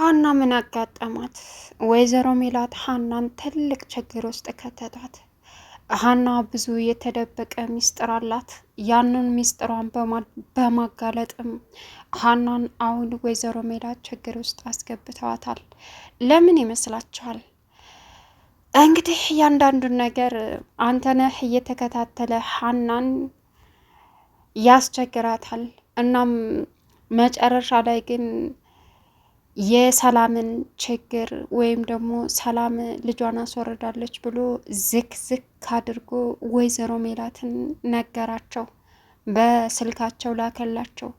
ሀና ምን አጋጠማት? ወይዘሮ ሜላት ሀናን ትልቅ ችግር ውስጥ ከተታት። ሀና ብዙ የተደበቀ ሚስጥር አላት። ያንን ሚስጥሯን በማጋለጥም ሀናን አሁን ወይዘሮ ሜላት ችግር ውስጥ አስገብተዋታል። ለምን ይመስላችኋል? እንግዲህ እያንዳንዱን ነገር አንተነህ እየተከታተለ ሀናን ያስቸግራታል። እናም መጨረሻ ላይ ግን የሰላምን ችግር ወይም ደግሞ ሰላም ልጇን አስወርዳለች ብሎ ዝክ ዝክ አድርጎ ወይዘሮ ሜላትን ነገራቸው፣ በስልካቸው ላከላቸው።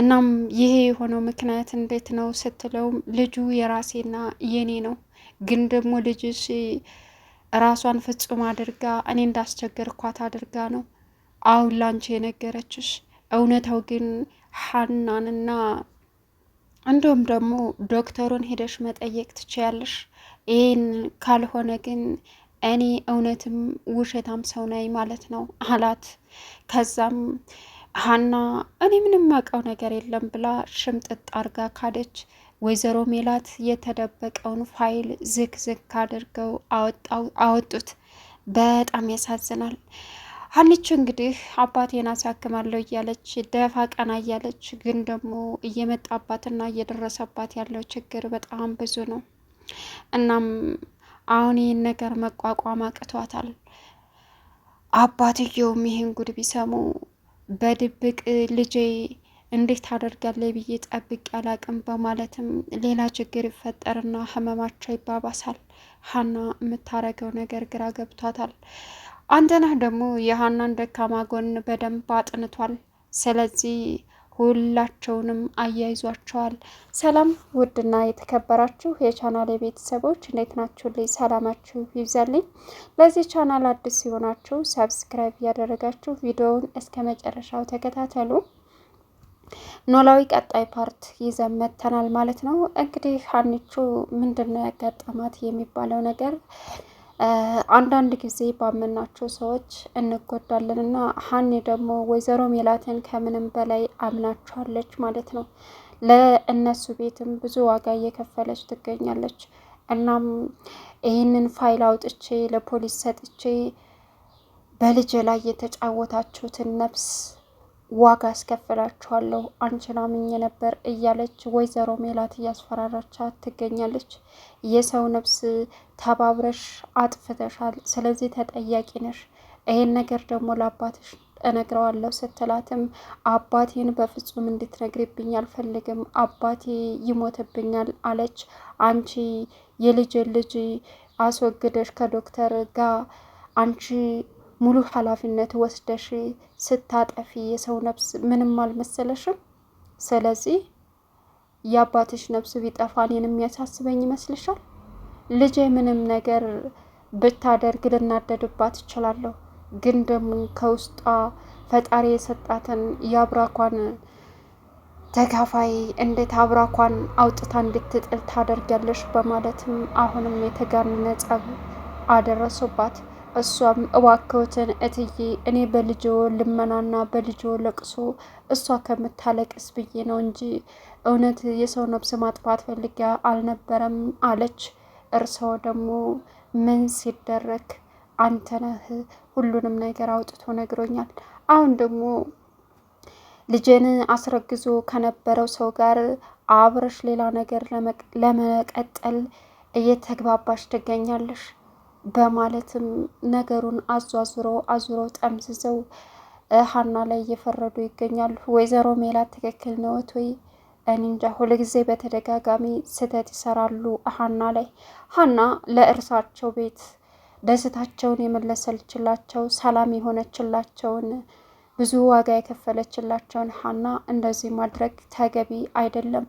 እናም ይሄ የሆነው ምክንያት እንዴት ነው ስትለውም ልጁ የራሴና የኔ ነው፣ ግን ደግሞ ልጅሽ ራሷን ፍጹም አድርጋ እኔ እንዳስቸገርኳት አድርጋ ነው አሁን ላንቺ የነገረችሽ። እውነታው ግን ሀናንና እንዲሁም ደግሞ ዶክተሩን ሄደሽ መጠየቅ ትችያለሽ። ይህን ካልሆነ ግን እኔ እውነትም ውሸታም ሰው ነኝ ማለት ነው አላት። ከዛም ሀና እኔ ምንም አውቀው ነገር የለም ብላ ሽምጥጥ አርጋ ካደች። ወይዘሮ ሜላት የተደበቀውን ፋይል ዝክ ዝክ አድርገው አወጡት። በጣም ያሳዝናል። ሀኒቹ እንግዲህ አባቴን አሳክማለሁ እያለች ደፋ ቀና እያለች ግን ደግሞ እየመጣባትና እየደረሰባት ያለው ችግር በጣም ብዙ ነው። እናም አሁን ይህን ነገር መቋቋም አቅቷታል። አባትየውም ይህን ጉድ ቢሰሙ በድብቅ ልጄ እንዴት ታደርጋለህ ብዬ ጠብቅ ያላቅም በማለትም ሌላ ችግር ይፈጠርና ህመማቸው ይባባሳል። ሀና የምታረገው ነገር ግራ ገብቷታል። አንተነህ ደግሞ የሀናን ደካማ ጎን በደንብ አጥንቷል። ስለዚህ ሁላቸውንም አያይዟቸዋል። ሰላም ውድና የተከበራችሁ የቻናል ቤተሰቦች እንዴት ናችሁ? ልይ ሰላማችሁ ይብዛልኝ። ለዚህ ቻናል አዲስ ሲሆናችሁ ሰብስክራይብ እያደረጋችሁ ቪዲዮውን እስከ መጨረሻው ተከታተሉ። ኖላዊ ቀጣይ ፓርት ይዘን መጥተናል ማለት ነው። እንግዲህ ሀኒቹ ነው ያጋጠማት የሚባለው ነገር አንዳንድ ጊዜ ባመናቸው ሰዎች እንጎዳለን እና ሀኔ ደግሞ ወይዘሮ ሜላትን ከምንም በላይ አምናቸዋለች ማለት ነው። ለእነሱ ቤትም ብዙ ዋጋ እየከፈለች ትገኛለች። እናም ይህንን ፋይል አውጥቼ ለፖሊስ ሰጥቼ በልጅ ላይ የተጫወታችሁትን ነፍስ ዋጋ አስከፍላችኋለሁ አንቺን አምኜ ነበር እያለች ወይዘሮ ሜላት እያስፈራራቻት ትገኛለች። የሰው ነፍስ ተባብረሽ አጥፍተሻል፣ ስለዚህ ተጠያቂ ነሽ። ይሄን ነገር ደግሞ ለአባትሽ እነግረዋለሁ ስትላትም አባቴን በፍጹም እንድትነግሪብኝ አልፈልግም፣ አባቴ ይሞትብኛል አለች። አንቺ የልጅ ልጅ አስወግደሽ ከዶክተር ጋር አንቺ ሙሉ ኃላፊነት ወስደሽ ስታጠፊ የሰው ነፍስ ምንም አልመሰለሽም። ስለዚህ የአባትሽ ነፍስ ቢጠፋ እኔን የሚያሳስበኝ ይመስልሻል? ልጄ ምንም ነገር ብታደርግ ልናደድባት እችላለሁ፣ ግን ደግሞ ከውስጧ ፈጣሪ የሰጣትን የአብራኳን ተካፋይ እንዴት አብራኳን አውጥታ እንድትጥል ታደርጊያለሽ? በማለትም አሁንም የተጋነነ ጸብ አደረሱባት። እሷም እባክዎትን እትዬ እኔ በልጆ ልመናና በልጆ ለቅሶ እሷ ከምታለቅስ ብዬ ነው እንጂ እውነት የሰው ነብስ ማጥፋት ፈልጊያ አልነበረም አለች። እርሰው ደግሞ ምን ሲደረግ አንተ ነህ ሁሉንም ነገር አውጥቶ ነግሮኛል። አሁን ደግሞ ልጄን አስረግዞ ከነበረው ሰው ጋር አብረሽ ሌላ ነገር ለመቀጠል እየተግባባሽ ትገኛለሽ። በማለትም ነገሩን አዟዙሮ አዙሮ ጠምዝዘው ሀና ላይ እየፈረዱ ይገኛሉ። ወይዘሮ ሜላት ትክክል ነዎት ወይ? እኔ እንጃ። ሁልጊዜ በተደጋጋሚ ስህተት ይሰራሉ ሀና ላይ። ሀና ለእርሳቸው ቤት ደስታቸውን የመለሰልችላቸው ሰላም የሆነችላቸውን ብዙ ዋጋ የከፈለችላቸውን ሀና እንደዚህ ማድረግ ተገቢ አይደለም።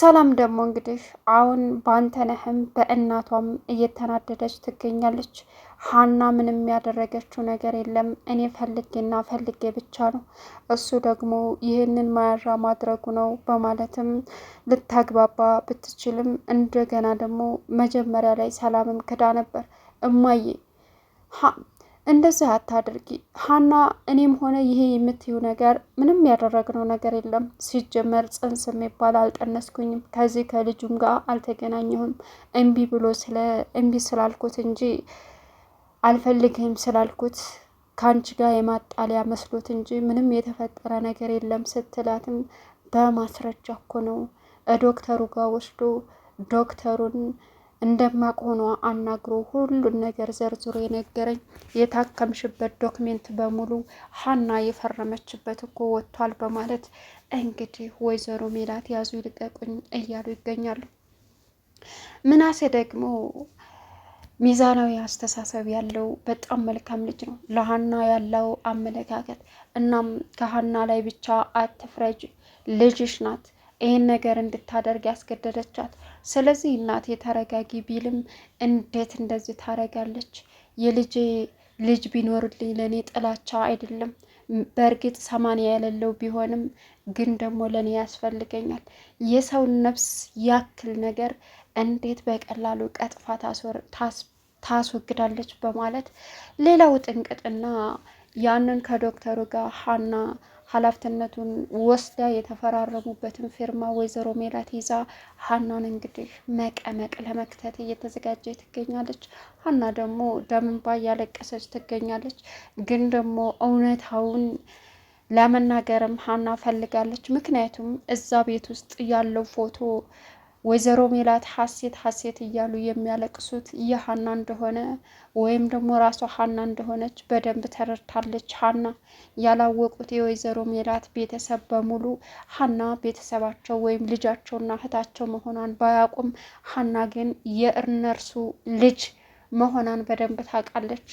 ሰላም ደግሞ እንግዲህ አሁን በአንተነህም በእናቷም እየተናደደች ትገኛለች። ሀና ምንም ያደረገችው ነገር የለም። እኔ ፈልጌና ፈልጌ ብቻ ነው። እሱ ደግሞ ይህንን መያዣ ማድረጉ ነው በማለትም ልታግባባ ብትችልም እንደገና ደግሞ መጀመሪያ ላይ ሰላምም ክዳ ነበር እማዬ እንደዚህ አታድርጊ ሀና፣ እኔም ሆነ ይሄ የምትይው ነገር ምንም ያደረግነው ነገር የለም። ሲጀመር ጽንስ የሚባል አልጠነስኩኝም፣ ከዚህ ከልጁም ጋር አልተገናኘሁም። እምቢ ብሎ ስለ እምቢ ስላልኩት እንጂ አልፈልግህም ስላልኩት ከአንቺ ጋር የማጣሊያ መስሎት እንጂ ምንም የተፈጠረ ነገር የለም ስትላትም በማስረጃ እኮ ነው ዶክተሩ ጋር ወስዶ ዶክተሩን እንደማቅ ሆኗ አናግሮ ሁሉን ነገር ዘርዝሮ የነገረኝ የታከምሽበት ዶክሜንት በሙሉ ሀና የፈረመችበት እኮ ወጥቷል በማለት እንግዲህ ወይዘሮ ሜላት ያዙ ይልቀቁኝ እያሉ ይገኛሉ። ምናሴ ደግሞ ሚዛናዊ አስተሳሰብ ያለው በጣም መልካም ልጅ ነው። ለሀና ያለው አመለካከት እናም ከሀና ላይ ብቻ አትፍረጅ ልጅሽ ናት ይህን ነገር እንድታደርግ ያስገደደቻት። ስለዚህ እናቴ ተረጋጊ ቢልም እንዴት እንደዚህ ታረጋለች? የልጄ ልጅ ቢኖርልኝ ለእኔ ጥላቻ አይደለም። በእርግጥ ሰማንያ የሌለው ቢሆንም ግን ደግሞ ለእኔ ያስፈልገኛል። የሰውን ነፍስ ያክል ነገር እንዴት በቀላሉ ቀጥፋ ታስወግዳለች? በማለት ሌላው ጥንቅጥና ያንን ከዶክተሩ ጋር ሀና ኃላፊነቱን ወስዳ የተፈራረሙበትን ፊርማ ወይዘሮ ሜላት ይዛ ሀናን እንግዲህ መቀመቅ ለመክተት እየተዘጋጀ ትገኛለች። ሀና ደግሞ ደምንባ እያለቀሰች ትገኛለች። ግን ደግሞ እውነታውን ለመናገርም ሀና ፈልጋለች። ምክንያቱም እዛ ቤት ውስጥ ያለው ፎቶ ወይዘሮ ሜላት ሀሴት ሀሴት እያሉ የሚያለቅሱት የሀና እንደሆነ ወይም ደግሞ ራሷ ሀና እንደሆነች በደንብ ተረድታለች። ሀና ያላወቁት የወይዘሮ ሜላት ቤተሰብ በሙሉ ሀና ቤተሰባቸው ወይም ልጃቸውና እህታቸው መሆኗን ባያውቁም ሀና ግን የእነርሱ ልጅ መሆኗን በደንብ ታውቃለች።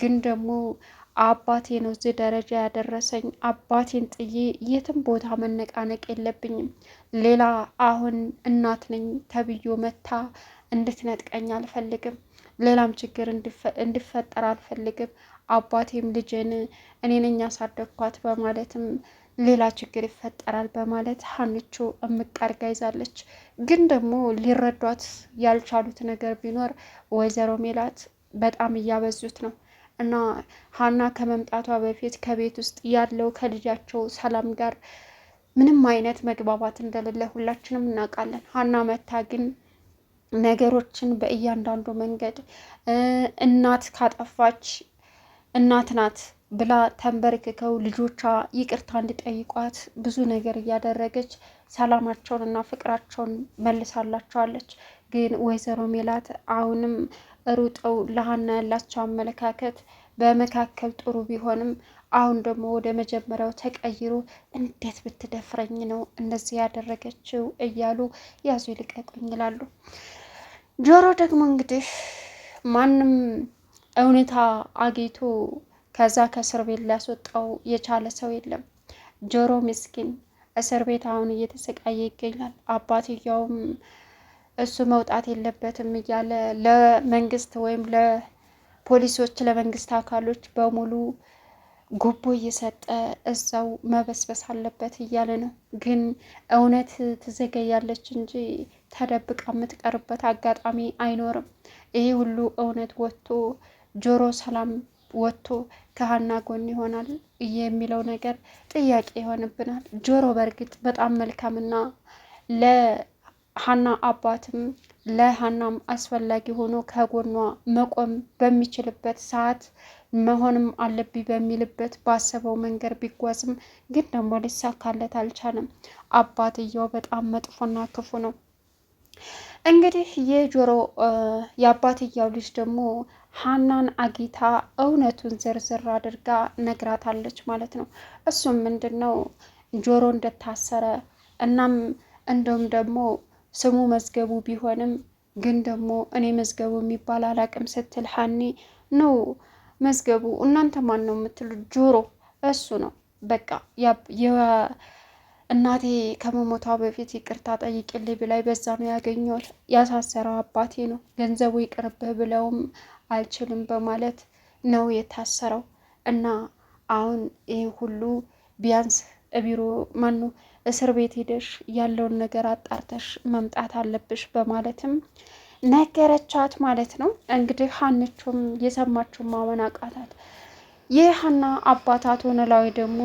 ግን ደግሞ አባቴ ነው እዚህ ደረጃ ያደረሰኝ። አባቴን ጥዬ የትም ቦታ መነቃነቅ የለብኝም። ሌላ አሁን እናት ነኝ ተብዮ መታ እንድትነጥቀኝ አልፈልግም። ሌላም ችግር እንዲፈጠር አልፈልግም። አባቴም ልጅን እኔ ነኝ ያሳደግኳት በማለትም ሌላ ችግር ይፈጠራል በማለት ሀንቹ እምቃርጋ ይዛለች። ግን ደግሞ ሊረዷት ያልቻሉት ነገር ቢኖር ወይዘሮ ሜላት በጣም እያበዙት ነው እና ሀና ከመምጣቷ በፊት ከቤት ውስጥ ያለው ከልጃቸው ሰላም ጋር ምንም አይነት መግባባት እንደሌለ ሁላችንም እናውቃለን። ሀና መታ ግን ነገሮችን በእያንዳንዱ መንገድ እናት ካጠፋች እናት ናት ብላ ተንበርክከው ልጆቿ ይቅርታ እንዲጠይቋት ብዙ ነገር እያደረገች ሰላማቸውን እና ፍቅራቸውን መልሳላቸዋለች። ግን ወይዘሮ ሜላት አሁንም ሩጠው ለሀና ያላቸው አመለካከት በመካከል ጥሩ ቢሆንም አሁን ደግሞ ወደ መጀመሪያው ተቀይሮ እንዴት ብትደፍረኝ ነው እንደዚህ ያደረገችው እያሉ ያዙ ይልቀቁኝ ይላሉ። ጆሮ ደግሞ እንግዲህ ማንም እውነታ አግኝቶ ከዛ ከእስር ቤት ሊያስወጣው የቻለ ሰው የለም። ጆሮ ምስኪን እስር ቤት አሁን እየተሰቃየ ይገኛል። አባትየውም እሱ መውጣት የለበትም እያለ ለመንግስት ወይም ለፖሊሶች፣ ለመንግስት አካሎች በሙሉ ጉቦ እየሰጠ እዛው መበስበስ አለበት እያለ ነው። ግን እውነት ትዘገያለች እንጂ ተደብቃ የምትቀርበት አጋጣሚ አይኖርም። ይሄ ሁሉ እውነት ወጥቶ ጆሮ ሰላም ወጥቶ ከሀና ጎን ይሆናል የሚለው ነገር ጥያቄ ይሆንብናል። ጆሮ በእርግጥ በጣም መልካምና ለ ሀና አባትም ለሀናም አስፈላጊ ሆኖ ከጎኗ መቆም በሚችልበት ሰዓት መሆንም አለብኝ በሚልበት ባሰበው መንገድ ቢጓዝም ግን ደግሞ ሊሳካለት አልቻለም። አባትየው በጣም መጥፎና ክፉ ነው። እንግዲህ የጆሮ የአባትየው ልጅ ደግሞ ሀናን አጊታ እውነቱን ዝርዝር አድርጋ ነግራታለች ማለት ነው። እሱም ምንድን ነው ጆሮ እንደታሰረ እናም እንደውም ደግሞ ስሙ መዝገቡ ቢሆንም ግን ደግሞ እኔ መዝገቡ የሚባል አላቅም ስትል ሀኒ ነው መዝገቡ እናንተ ማን ነው የምትሉት? ጆሮ እሱ ነው በቃ እናቴ ከመሞቷ በፊት ይቅርታ ጠይቅልኝ ብላይ በዛ ነው ያገኘት ያሳሰረው አባቴ ነው። ገንዘቡ ይቅርብህ ብለውም አልችልም በማለት ነው የታሰረው እና አሁን ይህ ሁሉ ቢያንስ ቢሮ ማን ነው እስር ቤት ሄደሽ ያለውን ነገር አጣርተሽ መምጣት አለብሽ በማለትም ነገረቻት ማለት ነው። እንግዲህ ሀንቹም የሰማችውን ማመን አቃታት። ይህ ሀና አባት አቶ ኖላዊ ደግሞ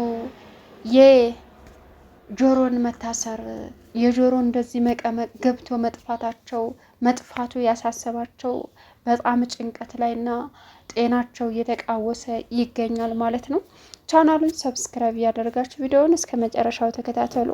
የጆሮን መታሰር የጆሮ እንደዚህ መቀመቅ ገብቶ መጥፋታቸው መጥፋቱ ያሳሰባቸው በጣም ጭንቀት ላይና ጤናቸው እየተቃወሰ ይገኛል ማለት ነው። ቻናሉን ሰብስክራይብ እያደረጋችሁ ቪዲዮውን እስከ መጨረሻው ተከታተሉ።